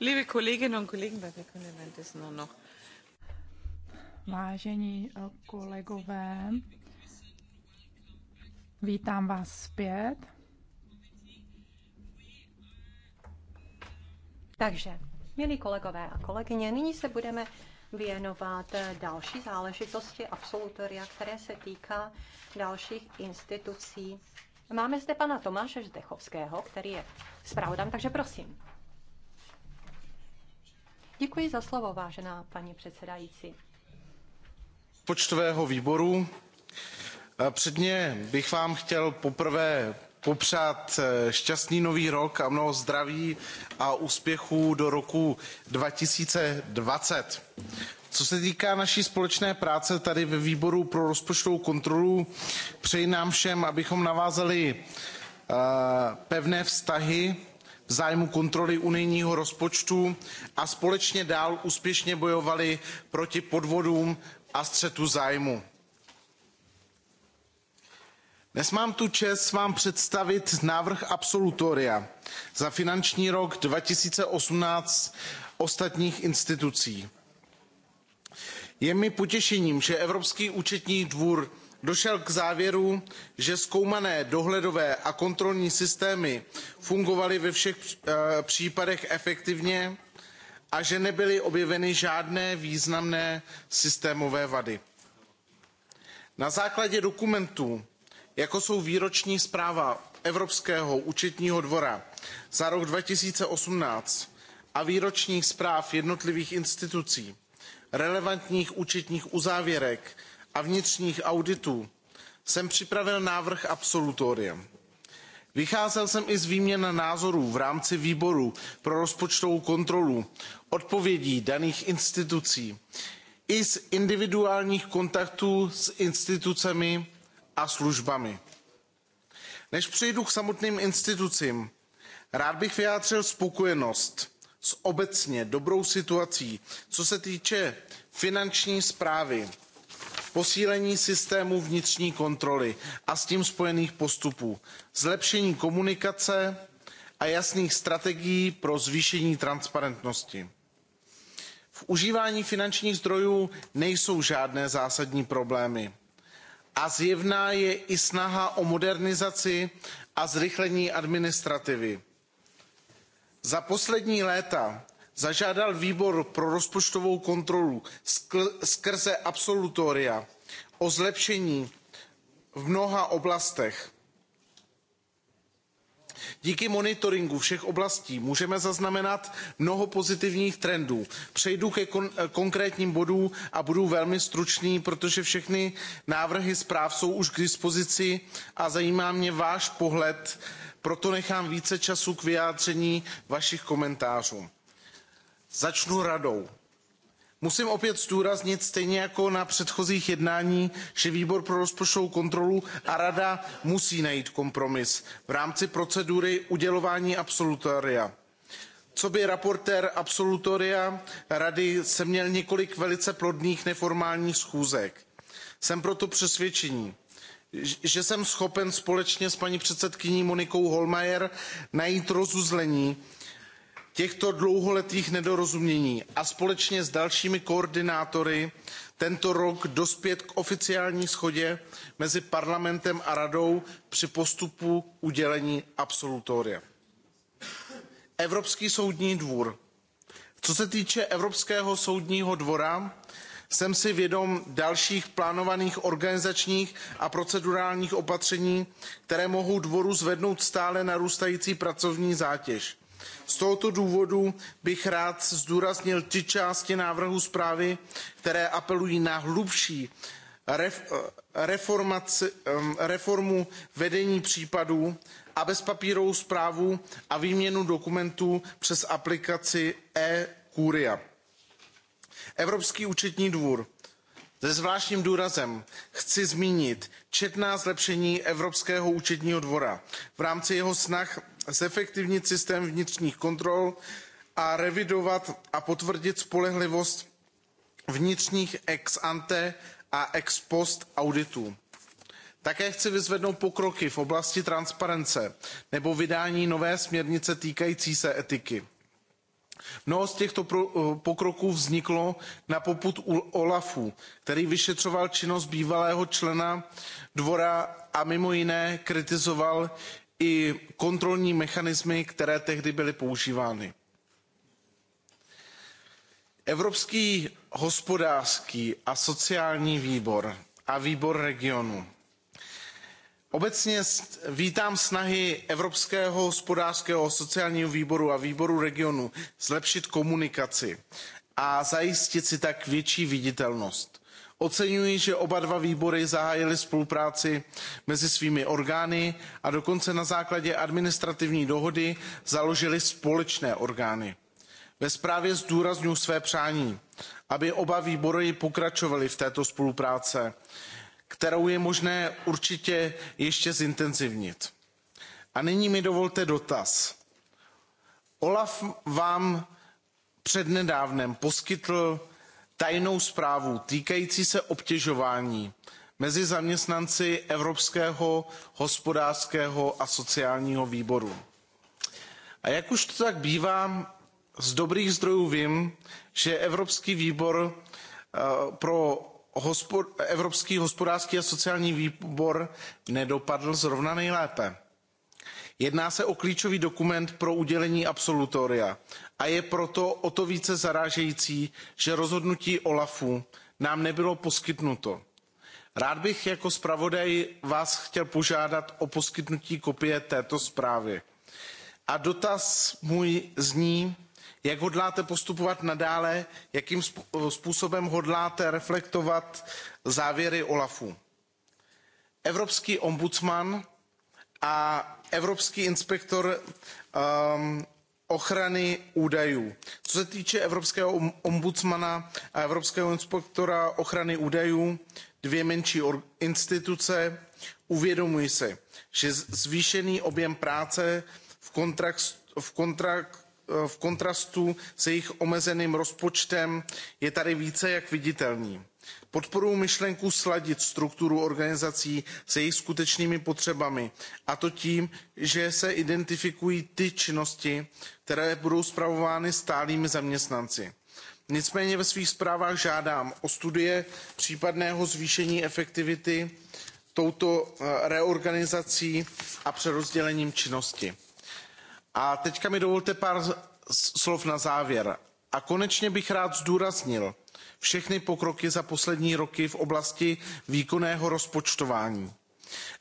Liebe Kolleginnen und Kollegen, wir können das nur noch. Vážení eh, kolegové, vítám vás zpět. Takže, milí kolegové a kolegyně, nyní se budeme věnovat eh, další záležitosti absolutoria, které se týká dalších institucí. Máme zde pana Tomáše Zdechovského, který je zpravodám, takže prosím. Děkuji za slovo, vážená paní předsedající. Počtového výboru. Předně bych vám chtěl poprvé popřát e, šťastný nový rok a mnoho zdraví a úspěchů do roku 2020. Co se týká naší společné práce tady ve výboru pro rozpočtovou kontrolu, přeji nám všem, abychom navázali pevné vztahy v zájmu kontroly unijního rozpočtu a společně dál úspěšně bojovali proti podvodům a střetu zájmů. Dnes mám tu čest vám představit návrh absolutoria za finanční rok 2018 ostatních institucí. Je mi potěšením, že Evropský účetní dvůr došel k závěru že zkoumané dohledové a kontrolní systémy fungovaly ve všech eh, případech efektivně a že nebyly objeveny žádné významné systémové vady. na základě dokumentů jako jsou výroční zpráva evropského účetního dvora za rok two thousand and eighteen a výročních zpráv jednotlivých institucí relevantních účetních uzávěrek a vnitřních auditů jsem připravil návrh absolutoria. Vycházel jsem i z výměn názorů v rámci výboru pro rozpočtovou kontrolu, odpovědí daných institucí, i z individuálních kontaktů s institucemi a službami. Než přejdu k samotným institucím, rád bych vyjádřil spokojenost s obecně dobrou situací, co se týče finanční správy posílení systému vnitřní kontroly a s tím spojených postupů, zlepšení komunikace a jasných strategií pro zvýšení transparentnosti. V užívání finančních zdrojů nejsou žádné zásadní problémy. A zjevná je i snaha o modernizaci a zrychlení administrativy. Za poslední léta zažádal výbor pro rozpočtovou kontrolu skrze absolutoria o zlepšení v mnoha oblastech. Díky monitoringu všech oblastí můžeme zaznamenat mnoho pozitivních trendů. Přejdu ke kon konkrétním bodům a budu velmi stručný, protože všechny návrhy zpráv jsou už k dispozici a zajímá mě váš pohled, proto nechám více času k vyjádření vašich komentářů. Začnu radou. Musím opět zdůraznit, stejně jako na předchozích jednání, že výbor pro rozpočtovou kontrolu a rada musí najít kompromis v rámci procedury udělování absolutoria. Coby raportér absolutoria rady jsem měl několik velice plodných neformálních schůzek. Jsem proto přesvědčený, že jsem schopen společně s paní předsedkyní Monikou Holmajer najít rozuzlení těchto dlouholetých nedorozumění a společně s dalšími koordinátory tento rok dospět k oficiální shodě mezi parlamentem a radou při postupu udělení absolutoria. Evropský soudní dvůr. Co se týče Evropského soudního dvora, jsem si vědom dalších plánovaných organizačních a procedurálních opatření, které mohou dvoru zvednout stále narůstající pracovní zátěž z tohoto důvodu bych rád zdůraznil ty části návrhu zprávy, které apelují na hlubší reformu vedení případů a bezpapírovou správu a výměnu dokumentů přes aplikaci e-Kuria. Evropský účetní dvůr. Se zvláštním důrazem chci zmínit četná zlepšení Evropského účetního dvora v rámci jeho snah zefektivnit systém vnitřních kontrol a revidovat a potvrdit spolehlivost vnitřních ex ante a ex post auditů. Také chci vyzvednout pokroky v oblasti transparence nebo vydání nové směrnice týkající se etiky. Mnoho z těchto eh, pokroků vzniklo na popud OLAFu, který vyšetřoval činnost bývalého člena dvora a mimo jiné kritizoval i kontrolní mechanismy, které tehdy byly používány. Evropský hospodářský a sociální výbor a výbor regionu. Obecně vítám snahy Evropského hospodářského a sociálního výboru a výboru regionu zlepšit komunikaci a zajistit si tak větší viditelnost oceňuji že oba dva výbory zahájily spolupráci mezi svými orgány a dokonce na základě administrativní dohody založily společné orgány. ve zprávě zdůrazňuji své přání aby oba výbory pokračovaly v této spolupráci kterou je možné určitě ještě zintenzivnit. a nyní mi dovolte dotaz. olaf vám přednedávnem poskytl tajnou zprávu týkající se obtěžování mezi zaměstnanci Evropského hospodářského a sociálního výboru. A jak už to tak bývá, z dobrých zdrojů vím, že Evropský výbor eh, pro hospod, Evropský hospodářský a sociální výbor nedopadl zrovna nejlépe jedná se o klíčový dokument pro udělení absolutoria a je proto o to více zarážející že rozhodnutí olaf nám nebylo poskytnuto. rád bych vás jako zpravodaj chtěl požádat o poskytnutí kopie této zprávy. a dotaz můj zní jak hodláte postupovat nadále jakým způsobem hodláte reflektovat závěry olaf? evropský ombudsman a evropský inspektor um, ochrany údajů. Co se týče evropského ombudsmana a evropského inspektora ochrany údajů, dvě menší instituce, uvědomuji si, že zvýšený objem práce v, kontrakt, v, kontrakt, v kontrastu s jejich omezeným rozpočtem je tady více jak viditelný podporuji myšlenku sladit strukturu organizací s jejich skutečnými potřebami a to tím že se identifikují ty činnosti které budou spravovány stálými zaměstnanci. nicméně ve svých zprávách žádám o studie případného zvýšení efektivity touto eh, reorganizací a přerozdělením činnosti. a teď mi dovolte pár slov na závěr. a konečně bych rád zdůraznil všechny pokroky za poslední roky v oblasti výkonného rozpočtování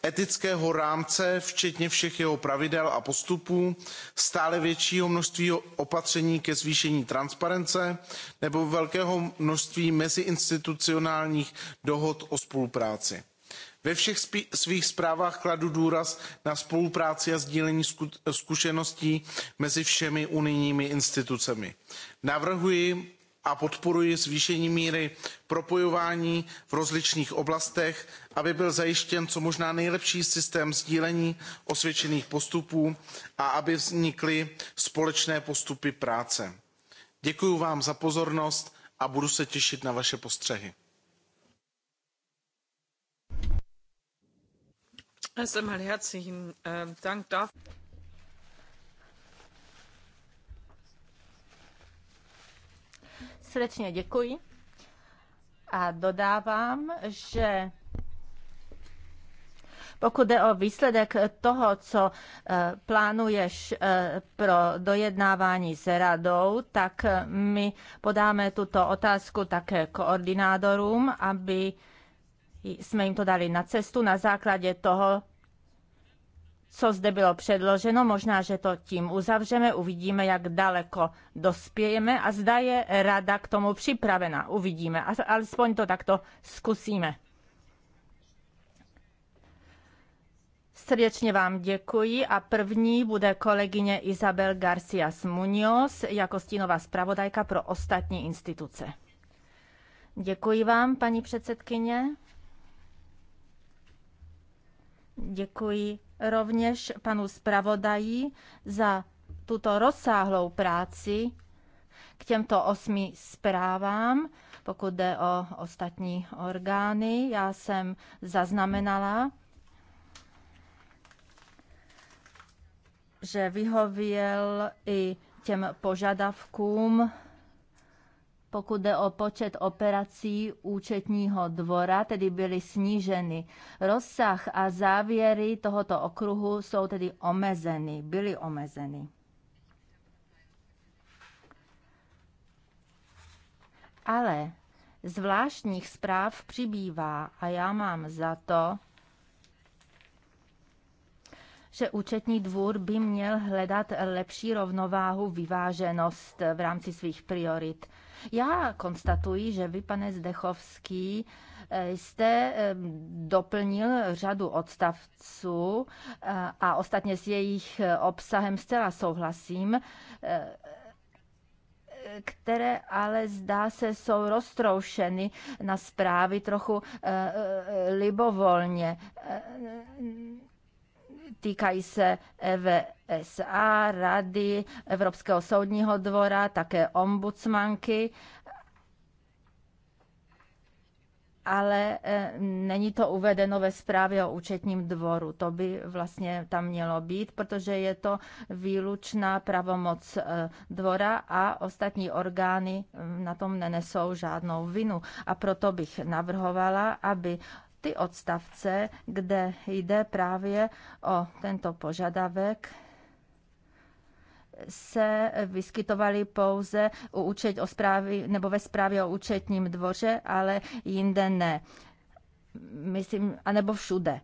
etického rámce včetně všech jeho pravidel a postupů stále většího množství opatření ke zvýšení transparence nebo velkého množství meziinstitucionálních dohod o spolupráci. Ve všech svých zprávách kladu důraz na spolupráci a sdílení zkušeností mezi všemi unijními institucemi. Navrhuji a podporuji zvýšení míry propojování v rozličných oblastech, aby byl zajištěn co možná nejlepší systém sdílení osvědčených postupů a aby vznikly společné postupy práce. Děkuji vám za pozornost a budu se těšit na vaše postřehy. Erst herzlichen Dank eh, dafür. Srdečně děkuji a dodávám, že pokud jde o výsledek toho, co eh, plánuješ eh, pro dojednávání s radou, tak eh, my podáme tuto otázku také koordinátorům, aby jsme jim to dali na cestu na základě toho, co zde bylo předloženo. Možná, že to tím uzavřeme, uvidíme, jak daleko dospějeme a zda je rada k tomu připravena. Uvidíme, alespoň to takto zkusíme. Srdečně vám děkuji a první bude kolegyně Isabel Garcia Munoz jako stínová zpravodajka pro ostatní instituce. Děkuji vám, paní předsedkyně. Děkuji rovněž panu zpravodaji za tuto rozsáhlou práci k těmto osmi zprávám, pokud jde o ostatní orgány. Já jsem zaznamenala, že vyhověl i těm požadavkům pokud jde o počet operací účetního dvora, tedy byly sníženy. Rozsah a závěry tohoto okruhu jsou tedy omezeny, byly omezeny. Ale zvláštních zpráv přibývá a já mám za to, že účetní dvůr by měl hledat lepší rovnováhu, vyváženost v rámci svých priorit. Já konstatuji, že vy, pane Zdechovský, eh, jste eh, doplnil řadu odstavců eh, a ostatně s jejich obsahem zcela souhlasím, které ale zdá se jsou roztroušeny na zprávy trochu libovolně týkají se EVSA, Rady, Evropského soudního dvora, také ombudsmanky, ale e, není to uvedeno ve zprávě o účetním dvoru. To by vlastně tam mělo být, protože je to výlučná pravomoc e, dvora a ostatní orgány e, na tom nenesou žádnou vinu. A proto bych navrhovala, aby ty odstavce, kde jde právě o tento požadavek, se vyskytovaly pouze u účet o zprávy, nebo ve zprávě o účetním dvoře, ale jinde ne. Myslím, anebo všude.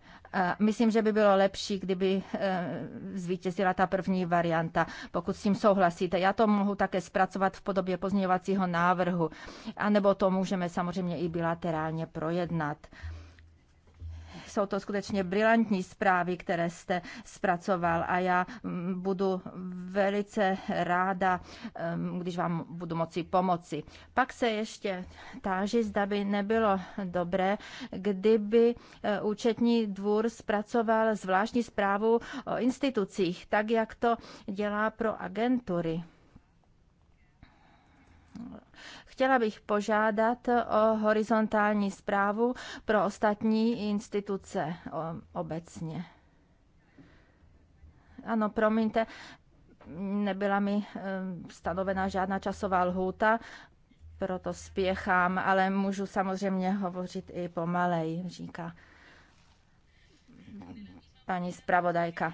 Myslím, že by bylo lepší, kdyby eh, zvítězila ta první varianta, pokud s tím souhlasíte. Já to mohu také zpracovat v podobě pozměňovacího návrhu, anebo to můžeme samozřejmě i bilaterálně projednat. Jsou to skutečně brilantní zprávy, které jste zpracoval a já mm, budu velice ráda, mm, když vám budu moci pomoci. Pak se ještě táži, zda by nebylo dobré, kdyby e, účetní dvůr zpracoval zvláštní zprávu o institucích, tak jak to dělá pro agentury Chtěla bych požádat o horizontální zprávu pro ostatní instituce obecně. Ano, promiňte, nebyla mi eh, stanovena žádná časová lhůta, proto spěchám, ale můžu samozřejmě hovořit i pomalej, říká paní zpravodajka.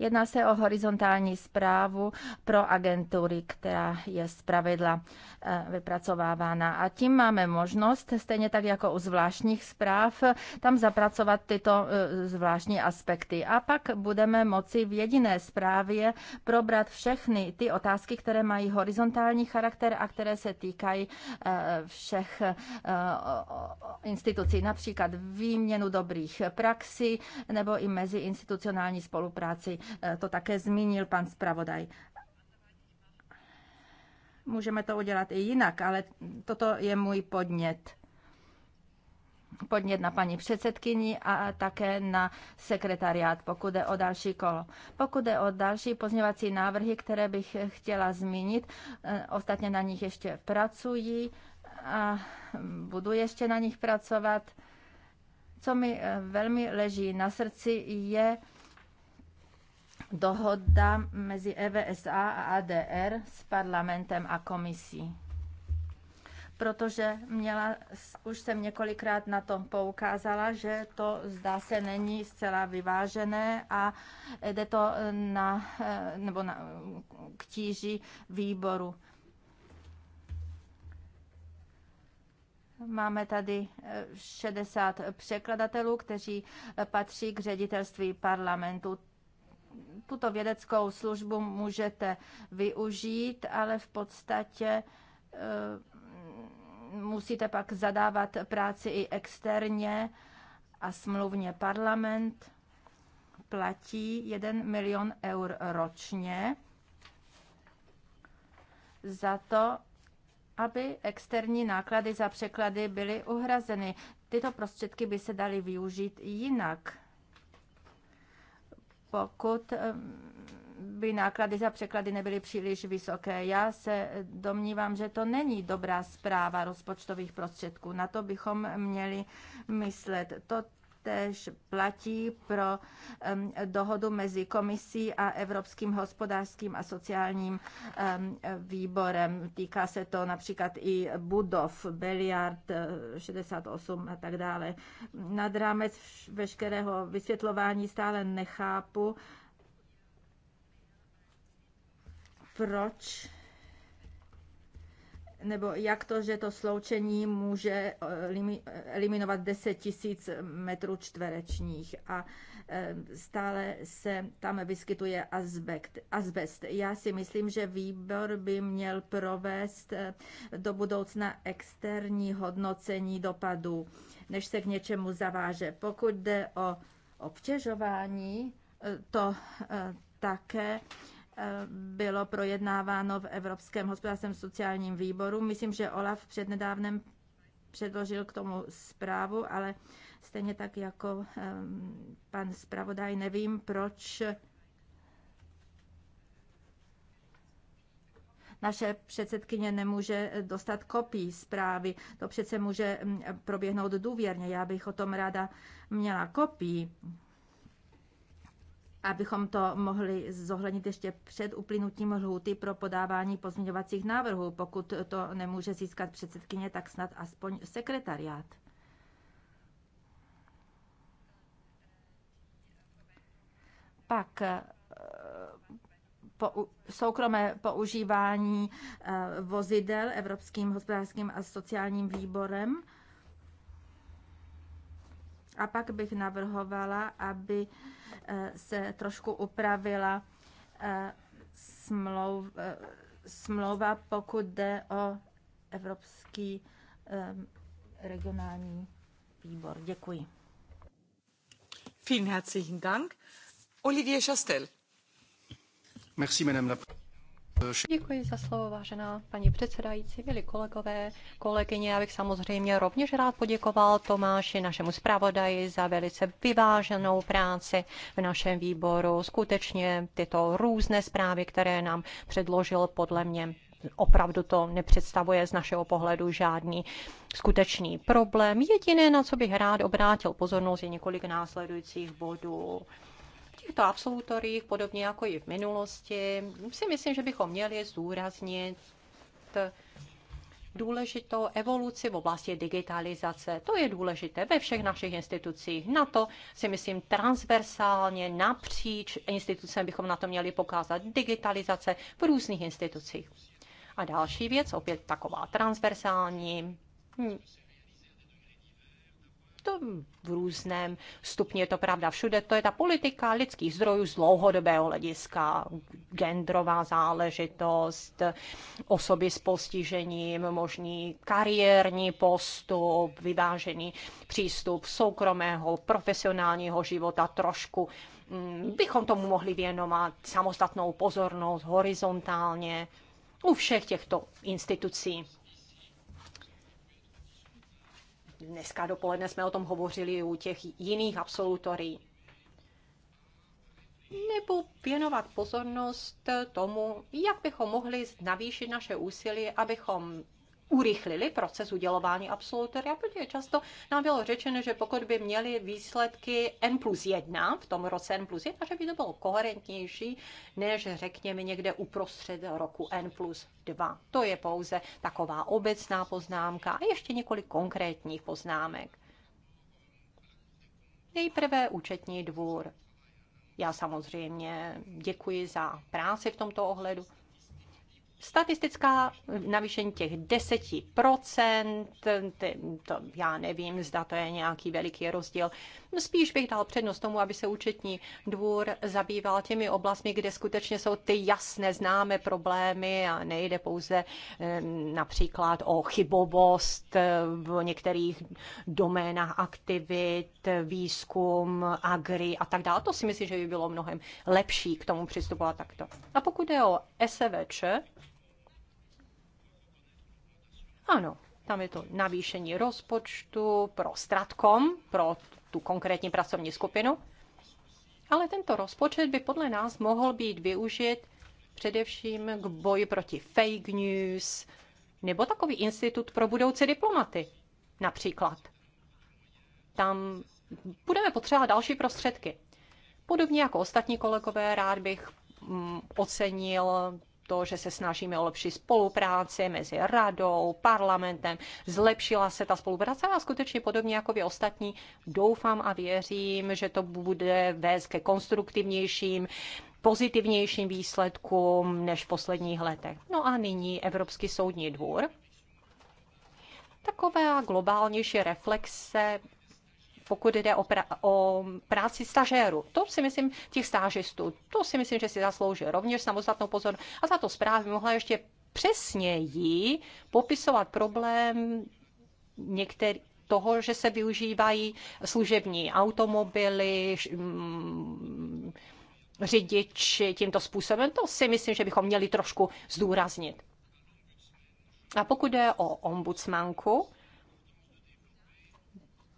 Jedná se o horizontální zprávu pro agentury, která je zpravidla eh, vypracovávána. A tím máme možnost, stejně tak jako u zvláštních zpráv, tam zapracovat tyto eh, zvláštní aspekty. A pak budeme moci v jediné zprávě probrat všechny ty otázky, které mají horizontální charakter a které se týkají eh, všech institucí, například výměnu dobrých praxí nebo i meziinstitucionální spolupráci Eh, to také zmínil pan zpravodaj. Můžeme to udělat i jinak, ale toto je můj podnět podnět na paní předsedkyni a také na sekretariát, pokud jde o další kolo. Pokud jde o další pozměvací návrhy, které bych chtěla zmínit, eh, ostatně na nich ještě pracuji a budu ještě na nich pracovat. Co mi eh, velmi leží na srdci, je dohoda mezi EVSA a ADR s parlamentem a komisí. Protože měla, už jsem několikrát na tom poukázala, že to zdá se není zcela vyvážené a jde to na, eh, nebo na, k tíži výboru. Máme tady 60 eh, překladatelů, kteří eh, patří k ředitelství parlamentu tuto vědeckou službu můžete využít, ale v podstatě eh, musíte pak zadávat práci i externě a smluvně parlament platí 1 milion eur ročně za to, aby externí náklady za překlady byly uhrazeny. Tyto prostředky by se daly využít jinak pokud eh, by náklady za překlady nebyly příliš vysoké. Já se domnívám, že to není dobrá zpráva rozpočtových prostředků. Na to bychom měli myslet. To, též platí pro dohodu mezi komisí a Evropským hospodářským a sociálním výborem. Týká se to například i budov, Beliard 68 eh, a tak dále. Nad rámec veškerého vysvětlování stále nechápu, proč nebo jak to, že to sloučení může eh, eh, eliminovat 10 tisíc metrů čtverečních a eh, stále se tam vyskytuje azbekt, azbest. Já si myslím, že výbor by měl provést do budoucna externí hodnocení dopadů, než se k něčemu zaváže. Pokud jde o obtěžování, to také bylo projednáváno v Evropském hospodářském sociálním výboru. Myslím, že Olaf přednedávnem předložil k tomu zprávu, ale stejně tak jako pan zpravodaj, nevím, proč naše předsedkyně nemůže dostat kopii zprávy. To přece může proběhnout důvěrně. Já bych o tom ráda měla kopii abychom to mohli zohlednit ještě před uplynutím lhůty pro podávání pozměňovacích návrhů. Pokud to nemůže získat předsedkyně, tak snad aspoň sekretariát. Pak eh, po soukromé používání eh, vozidel Evropským hospodářským a sociálním výborem. A pak bych navrhovala, aby eh, se trošku upravila eh, eh, smlouva, pokud jde o Evropský regionální výbor. Děkuji. Vielen herzlichen Dank. Olivier Chastel. Merci, madame la... Děkuji za slovo, vážená paní předsedající, milí kolegové, kolegyně. Já bych samozřejmě rovněž rád poděkoval Tomáši, našemu zpravodaji, za velice vyváženou práci v našem výboru. Skutečně tyto různé zprávy, které nám předložil, podle mě opravdu to nepředstavuje z našeho pohledu žádný skutečný problém. Jediné, na co bych rád obrátil pozornost, je několik následujících bodů těchto absolutoriích, podobně jako i v minulosti, si myslím, že bychom měli zdůraznit důležitou evoluci v oblasti digitalizace. To je důležité ve všech našich institucích. Na to si myslím transversálně napříč institucem bychom na to měli pokázat digitalizace v různých institucích. A další věc, opět taková transversální, to v různém stupni je to pravda všude. To je ta politika lidských zdrojů z dlouhodobého hlediska, genderová záležitost, osoby s postižením, možný kariérní postup, vyvážený přístup soukromého, profesionálního života, trošku mm, bychom tomu mohli věnovat samostatnou pozornost horizontálně u všech těchto institucí. Dneska dopoledne jsme o tom hovořili u těch jiných absolutorií. Nebo věnovat pozornost tomu, jak bychom mohli navýšit naše úsilí, abychom urychlili proces udělování absolutoria, protože často nám bylo řečeno, že pokud by měli výsledky N plus 1 v tom roce N plus 1, že by to bylo koherentnější, než řekněme někde uprostřed roku N plus 2. To je pouze taková obecná poznámka a ještě několik konkrétních poznámek. Nejprve účetní dvůr. Já samozřejmě děkuji za práci v tomto ohledu statistická navýšení těch 10%, to já nevím, zda to je nějaký veliký rozdíl. Spíš bych dal přednost tomu, aby se účetní dvůr zabýval těmi oblastmi, kde skutečně jsou ty jasné známé problémy a nejde pouze například o chybovost eh, v některých doménách aktivit, výzkum, agri a tak dále. To si myslím, že by bylo mnohem lepší k tomu přistupovat takto. A pokud je o SVČ, ano, tam je to navýšení rozpočtu pro Stratkom, pro tu konkrétní pracovní skupinu. Ale tento rozpočet by podle nás mohl být využit především k boji proti fake news nebo takový institut pro budoucí diplomaty například. Tam budeme potřebovat další prostředky. Podobně jako ostatní kolegové, rád bych mm, ocenil to, že se snažíme o lepší spolupráci mezi radou, parlamentem, zlepšila se ta spolupráce a skutečně podobně jako vy ostatní doufám a věřím, že to bude vést ke konstruktivnějším pozitivnějším výsledkům než v posledních letech. No a nyní Evropský soudní dvůr. Taková globálnější reflexe pokud jde o, pra, o práci stažéru. To si myslím, těch stážistů, to si myslím, že si zaslouží rovněž samostatnou pozornost. A za zpráva by mohla ještě přesněji popisovat problém některý, toho, že se využívají služební automobily, mm, řidiči tímto způsobem. To si myslím, že bychom měli trošku zdůraznit. A pokud jde o ombudsmanku,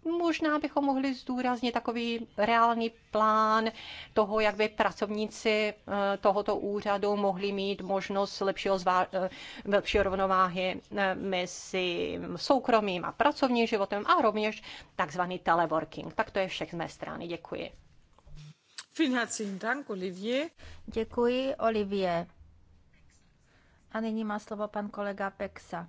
Možná bychom mohli zdůraznit takový reálný plán toho, jak by pracovníci eh, tohoto úřadu mohli mít možnost lepšího, zvá- eh, lepší rovnováhy eh, mezi soukromým a pracovním životem a rovněž takzvaný teleworking. Tak to je všech z mé strany. Děkuji. Děkuji, Olivier. A nyní má slovo pan kolega Pexa.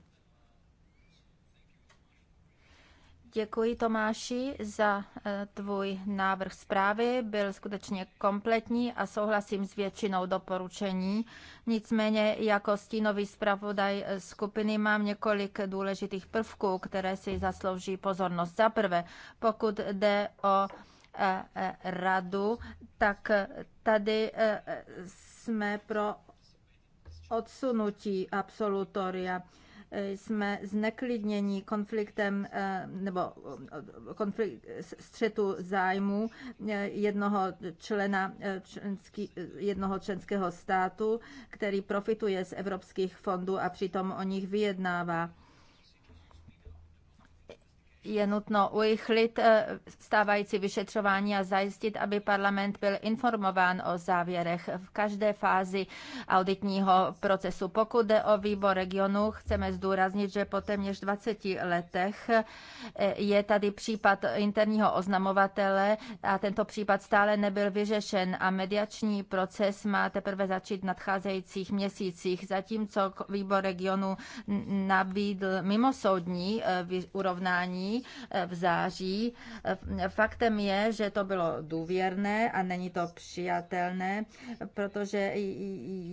Děkuji Tomáši za e, tvůj návrh zprávy. Byl skutečně kompletní a souhlasím s většinou doporučení. Nicméně jako stínový zpravodaj e, skupiny mám několik důležitých prvků, které si zaslouží pozornost. Za prvé, pokud jde o e, radu, tak tady jsme pro odsunutí absolutoria jsme zneklidněni konfliktem eh, nebo eh, konflikt střetu zájmu eh, jednoho člena členský, jednoho členského státu, který profituje z evropských fondů a přitom o nich vyjednává je nutno urychlit eh, stávající vyšetřování a zajistit, aby parlament byl informován o závěrech v každé fázi auditního procesu. Pokud jde o výbor regionu, chceme zdůraznit, že po téměř 20 letech eh, je tady případ interního oznamovatele a tento případ stále nebyl vyřešen a mediační proces má teprve začít v nadcházejících měsících, zatímco výbor regionu nabídl mimosoudní eh, urovnání Eh, v září. Eh, faktem je, že to bylo důvěrné a není to přijatelné, protože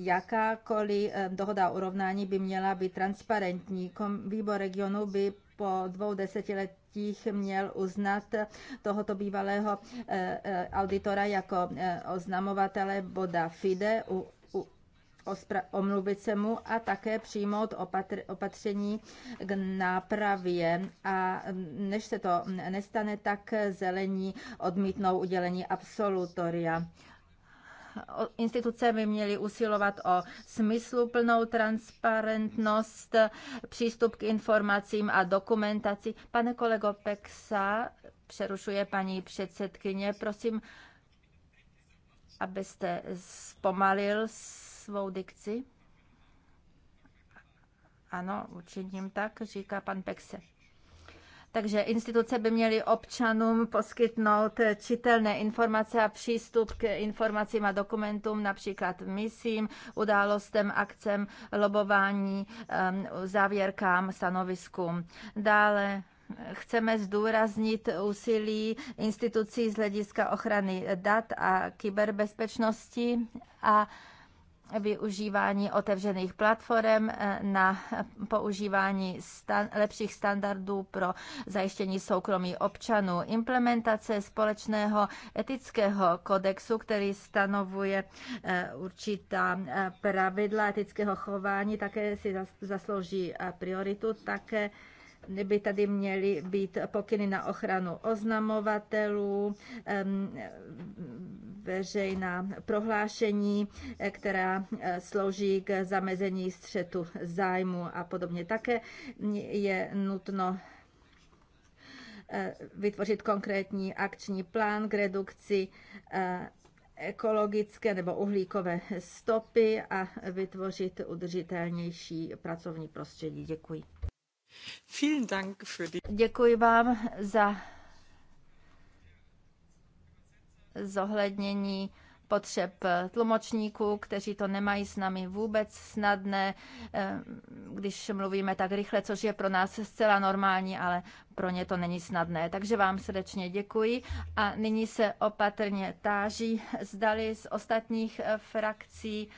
jakákoliv eh, dohoda o urovnání by měla být transparentní. Výbor regionu by po dvou desetiletích měl uznat tohoto bývalého auditora jako oznamovatele boda FIDE u omluvit se mu a také přijmout opatr- opatření k nápravě. A než se to nestane, tak zelení odmítnou udělení absolutoria instituce by měly usilovat o smysluplnou transparentnost, přístup k informacím a dokumentaci. Pane kolego Peksa, přerušuje paní předsedkyně, prosím, abyste zpomalil svou dikci? Ano, učiním tak, říká pan Pekse. Takže instituce by měly občanům poskytnout čitelné informace a přístup k informacím a dokumentům, například misím, událostem, akcem, lobování, závěrkám, stanoviskům. Dále chceme zdůraznit úsilí institucí z hlediska ochrany dat a kyberbezpečnosti a využívání otevřených platform, eh, na používání stan- lepších standardů pro zajištění soukromí občanů, implementace společného etického kodexu, který stanovuje eh, určitá eh, pravidla etického chování, také si zaslouží prioritu, také by tady měly být pokyny na ochranu oznamovatelů, veřejná prohlášení, eh, která eh, slouží k zamezení střetu zájmu a podobně. Také je nutno eh, vytvořit konkrétní akční plán k redukci ekologické nebo uhlíkové stopy a vytvořit udržitelnější pracovní prostředí. Děkuji. Děkuji vám za zohlednění potřeb tlumočníků, kteří to nemají s námi vůbec snadné, eh, když mluvíme tak rychle, což je pro nás zcela normální, ale pro ně to není snadné. Takže vám srdečně děkuji a nyní se opatrně táží, zdali z ostatních eh, frakcí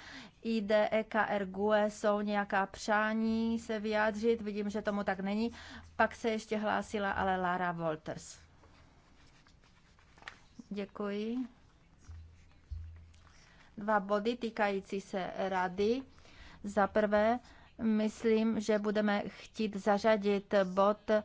ID, EKR, GUE jsou nějaká přání se vyjádřit. Vidím, že tomu tak není. Pak se ještě hlásila ale Lara Wolters. Děkuji. Dva body týkající se rady. Za prvé, myslím, že budeme chtít zařadit bod eh,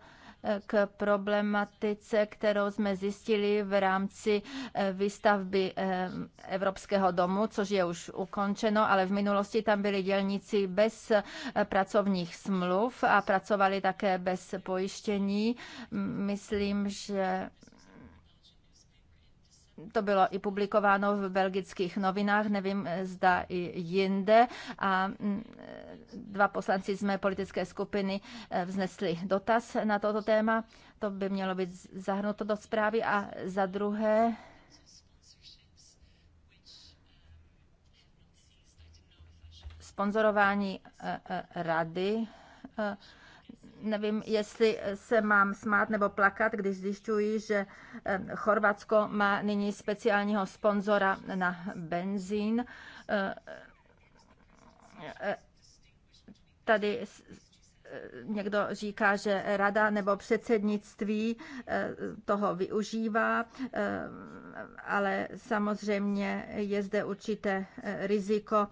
k problematice, kterou jsme zjistili v rámci eh, výstavby eh, Evropského domu, což je už ukončeno, ale v minulosti tam byli dělníci bez pracovních smluv a pracovali také bez pojištění. Myslím, že to bylo i publikováno v belgických novinách, nevím, zda i jinde. A mm, dva poslanci z mé politické skupiny eh, vznesli dotaz na toto téma. To by mělo být zahrnuto do zprávy. A za druhé, sponzorování eh, eh, rady nevím, jestli se mám smát nebo plakat, když zjišťuji, že Chorvatsko má nyní speciálního sponzora na benzín. E, e, tady Eh, někdo říká, že rada nebo předsednictví eh, toho využívá, eh, ale samozřejmě je zde určité riziko,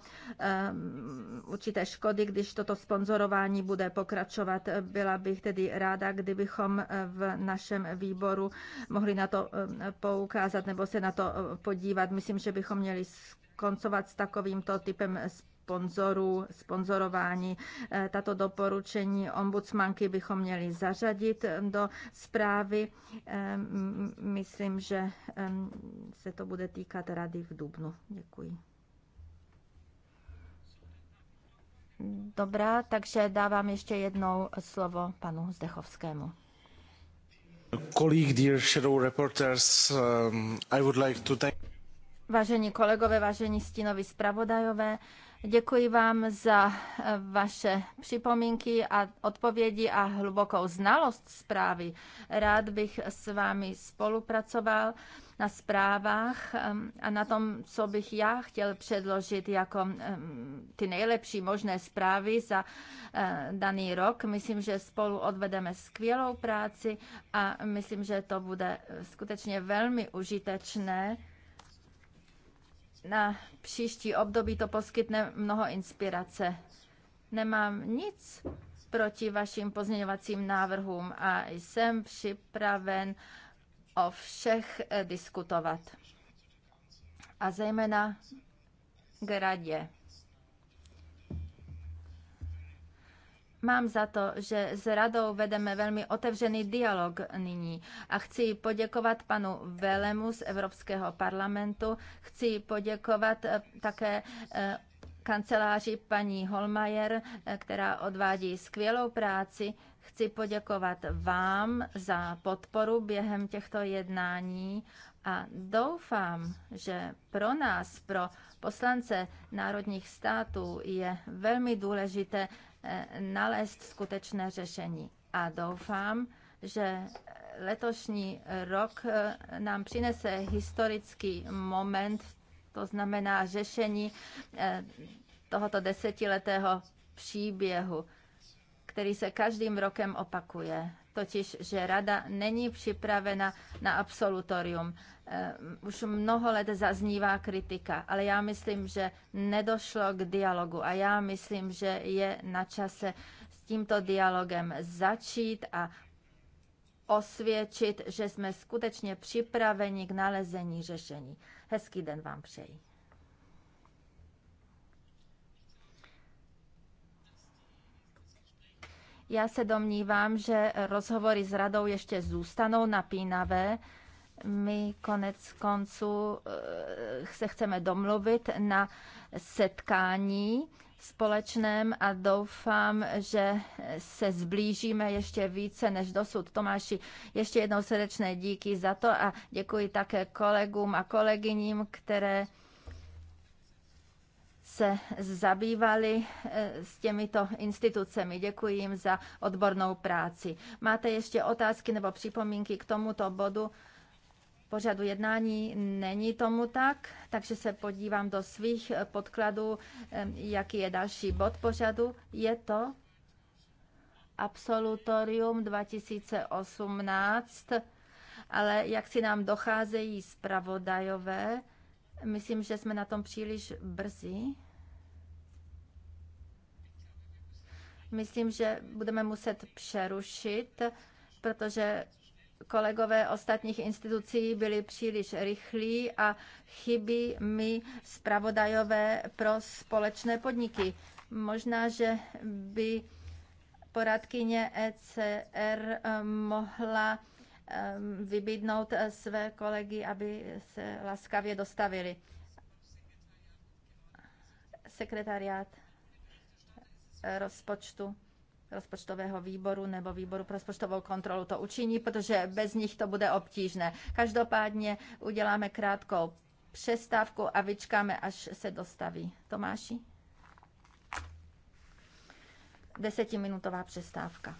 určité škody, když toto sponzorování bude pokračovat. Byla bych tedy ráda, kdybychom v našem výboru mohli na to poukázat nebo se na to podívat. Myslím, že bychom měli skoncovat s takovýmto typem sponzorování sponzorů, sponzorování. Eh, tato doporučení ombudsmanky bychom měli zařadit eh, do zprávy. Eh, myslím, že se to bude týkat rady v Dubnu. Děkuji. Dobrá, takže dávám ještě jednou slovo panu Zdechovskému. Colleague, dear shadow reporters, um, I would like to thank... Vážení kolegové, vážení stínoví zpravodajové, Děkuji vám za eh, vaše připomínky a odpovědi a hlubokou znalost zprávy. Rád bych s vámi spolupracoval na zprávách ehm, a na tom, co bych já chtěl předložit jako ehm, ty nejlepší možné zprávy za eh, daný rok. Myslím, že spolu odvedeme skvělou práci a myslím, že to bude skutečně velmi užitečné na příští období to poskytne mnoho inspirace. Nemám nic proti vašim pozměňovacím návrhům a jsem připraven o všech eh, diskutovat. A zejména k radě. Mám za to, že s radou vedeme velmi otevřený dialog nyní a chci poděkovat panu Velemu z Evropského parlamentu, chci poděkovat eh, také eh, kanceláři paní Holmajer, eh, která odvádí skvělou práci. Chci poděkovat vám za podporu během těchto jednání a doufám, že pro nás, pro poslance národních států, je velmi důležité nalézt skutečné řešení. A doufám, že letošní rok eh, nám přinese historický moment, to znamená řešení eh, tohoto desetiletého příběhu, který se každým rokem opakuje totiž, že rada není připravena na absolutorium. Eh, už mnoho let zaznívá kritika, ale já myslím, že nedošlo k dialogu a já myslím, že je na čase s tímto dialogem začít a osvědčit, že jsme skutečně připraveni k nalezení řešení. Hezký den vám přeji. Já se domnívám, že rozhovory s radou ještě zůstanou napínavé. My konec konců eh, se chceme domluvit na setkání společném a doufám, že se zblížíme ještě více než dosud. Tomáši, ještě jednou srdečné díky za to a děkuji také kolegům a kolegyním, které se zabývali eh, s těmito institucemi. Děkuji jim za odbornou práci. Máte ještě otázky nebo připomínky k tomuto bodu? pořadu jednání není tomu tak, takže se podívám do svých eh, podkladů, eh, jaký je další bod pořadu. Je to Absolutorium 2018, ale jak si nám docházejí zpravodajové, myslím, že jsme na tom příliš brzy. Myslím, že budeme muset přerušit, protože kolegové ostatních institucí byli příliš rychlí a chybí mi zpravodajové pro společné podniky. Možná, že by poradkyně ECR eh, mohla eh, vybídnout eh, své kolegy, aby se laskavě dostavili. Sekretariát rozpočtu rozpočtového výboru nebo výboru pro rozpočtovou kontrolu to učiní, protože bez nich to bude obtížné. Každopádně uděláme krátkou přestávku a vyčkáme, až se dostaví. Tomáši? Desetiminutová přestávka.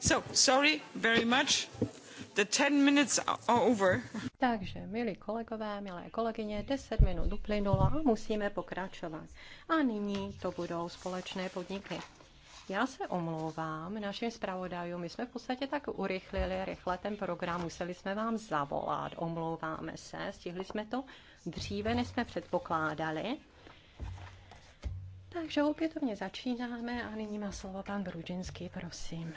So, sorry very much. The minutes are over. Takže, milí kolegové, milé kolegyně, 10 minut uplynulo a musíme pokračovat. A nyní to budou společné podniky. Já se omlouvám našim zpravodajům. My jsme v podstatě tak urychlili rychle ten program, museli jsme vám zavolat, omlouváme se, stihli jsme to dříve, než jsme předpokládali. Takže opětovně začínáme a nyní má slovo pan Brudžinský, prosím.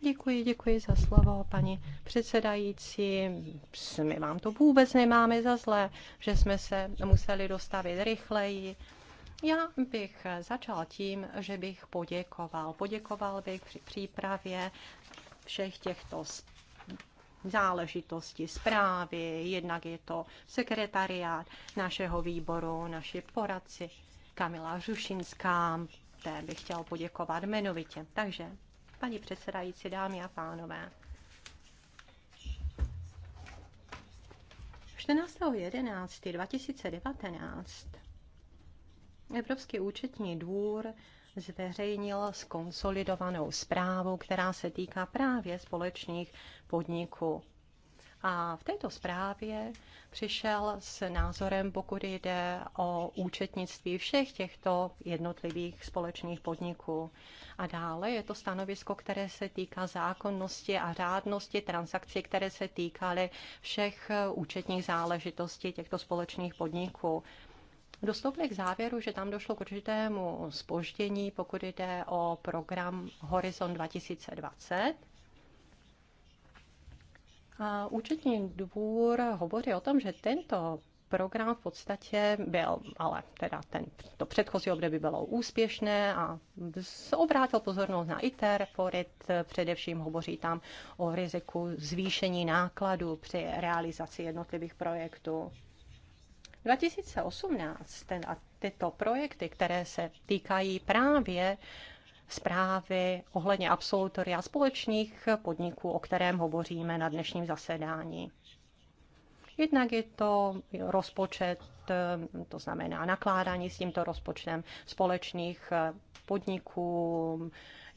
Děkuji, děkuji za slovo, paní předsedající. My vám to vůbec nemáme za zlé, že jsme se museli dostavit rychleji. Já bych začal tím, že bych poděkoval. Poděkoval bych při přípravě všech těchto záležitosti, zprávy, jednak je to sekretariát našeho výboru, naši poradci, Kamila Žušinská, té bych chtěl poděkovat jmenovitě. Takže Paní předsedající, dámy a pánové, 14.11.2019 Evropský účetní dvůr zveřejnil skonsolidovanou zprávu, která se týká právě společných podniků. A v této zprávě přišel s názorem, pokud jde o účetnictví všech těchto jednotlivých společných podniků. A dále je to stanovisko, které se týká zákonnosti a řádnosti transakcí, které se týkaly všech účetních záležitostí těchto společných podniků. Dostoupili k závěru, že tam došlo k určitému spoždění, pokud jde o program Horizon 2020 a účetní dvůr hovoří o tom, že tento program v podstatě byl, ale teda ten, to předchozí období bylo úspěšné a obrátil pozornost na ITER, FORIT, především hovoří tam o riziku zvýšení nákladů při realizaci jednotlivých projektů. 2018 ten a tyto projekty, které se týkají právě zprávy ohledně absolutoria společných podniků, o kterém hovoříme na dnešním zasedání. Jednak je to rozpočet, to znamená nakládání s tímto rozpočtem společných podniků,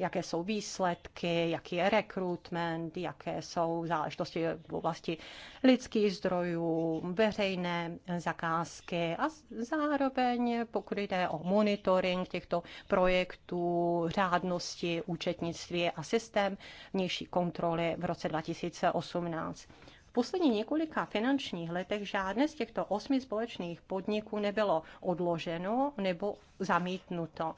jaké jsou výsledky, jaký je rekrutment, jaké jsou záležitosti v oblasti lidských zdrojů, veřejné zakázky a zároveň, pokud jde o monitoring těchto projektů, řádnosti, účetnictví a systém vnější kontroly v roce 2018. V posledních několika finančních letech žádné z těchto osmi společných podniků nebylo odloženo nebo zamítnuto.